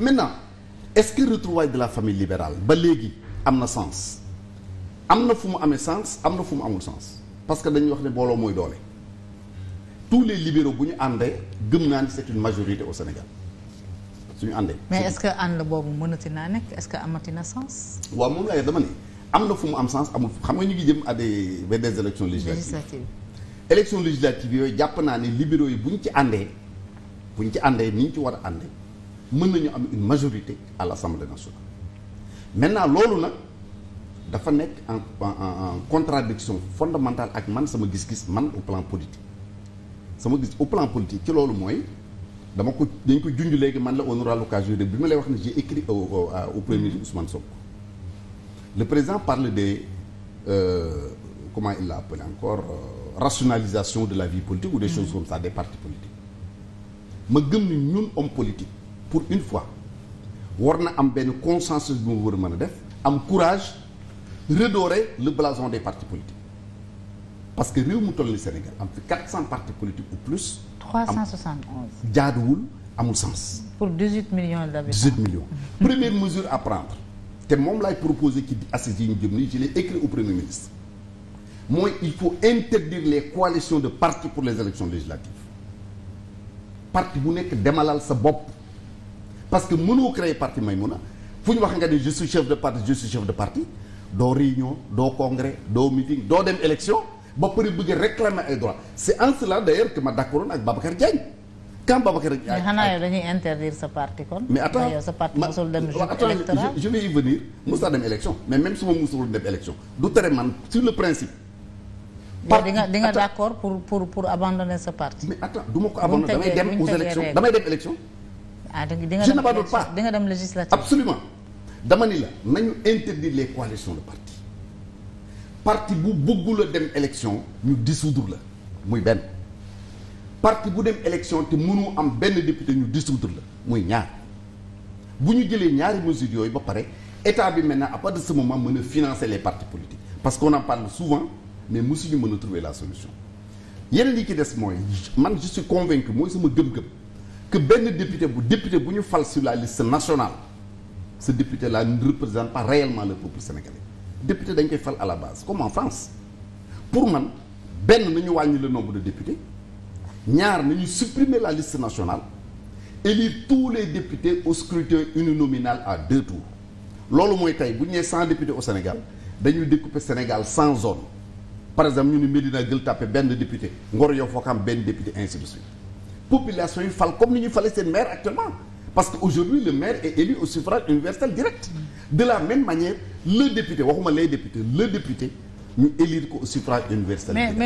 maintenant est-ce que de la famille libérale ba léegi am na sens am na fu mu amee sens am na fu mu amul sens parce que dañuy wax ne booloo mooy doole tous les libéraux bu ñu àndee gëm naa ni c'est une majorité au Sénégal suñu àndee. mais est-ce que ànd boobu mënati naa nekk est-ce que amati na sens. waaw moom laa dama ne am na fu mu am sens amul xam nga ñu ngi jëm à des vers des élections législatives yooyu jàpp naa ne libéro yi bu ñu ci àndee bu ñu ci àndee ni ci war a mën nañu am une majorité à l'Assemblée nationale maintenant loolu nag dafa nekk en en contradiction fondamentale ak man sama gis-gis man au plan politique sama gis au plan politique ci loolu mooy dama ko dañ ko junj léegi man la on aura de bi ma lay wax ne j'ai écrit au au premier ministre Ousmane Sonko le président parle des euh, comment il l'a appelé encore euh, rationalisation de la vie politique ou des mm-hmm. choses comme ça des partis politiques ma gëm ni ñun homme politique pour une fois war na am benn consensus bu mu war a mën a def am courage redorer le blason des partis politiques parce que réew mu toll ni Sénégal am fi 400 partis politiques ou plus. 371 jaaduwul amul sens. pour 18 millions d'habitants 18 millions. première mesure à prendre te moom laay proposer ci assises yi ñu jëm nii je l'ai écrit au premier ministre mooy il faut interdire les coalitions de partis pour les élections législatives parti bu nekk demalal sa bopp. parce que mënoo créer parti a fu ñu wax nga ni je suis chef de parti je chef de parti doo réunion doo congrès doo meeting doo dem élection ba pare bëgg a réclamer ay droits c' est en cela que ma d' accord woon ak Babacar Diagne. quand Babacar Diagne mais xanaa yow dañuy interdire sa parti kon. mais attends yow su ma mosul dem élection du tere man sur le principe. par di pour pour pour abandonner sa parti. mais attends du ko abandonner damay dem aux ah da nga je n'abandonne pas da nga dem législative. absolument dama ni la nañu interdire les coalitions de partie parti bu bëggul a dem élection ñu dissoudre la muy benn parti bu dem élection te mënu am benn député ñu dissoudre la muy ñaar bu ñu jëlee ñaari mesures yooyu ba pare état bi maintenant à partir de ce moment mën a financer les partis politiques parce qu'on en parle souvent mais ñu mën a trouver la solution yenn yi ci des mooy man je suis convaincu mooy sama gëm-gëm. que benn député bu député bu ñu fal sur la liste nationale ce député là ne représente pas réellement le peuple sénégalais député dañ koy fal à la base comme en France pour man benn nañu wàññi le nombre de députés ñaar nañu supprimer la liste nationale élire tous les députés au scrutin uninominal à deux tours loolu mooy tey bu ñu nee cent députés au Sénégal dañuy découper Sénégal cent zones par exemple ñu ne Médina Gueule Tapée benn député Ngor Yoff Ouakam benn député ainsi population yi fal comme ni ñu fale seen maire actuellement parce que aujourd'hui le maire est élu au suffrage universel direct de la même manière le député waxuma les députés le député ñu élire ko au suffrage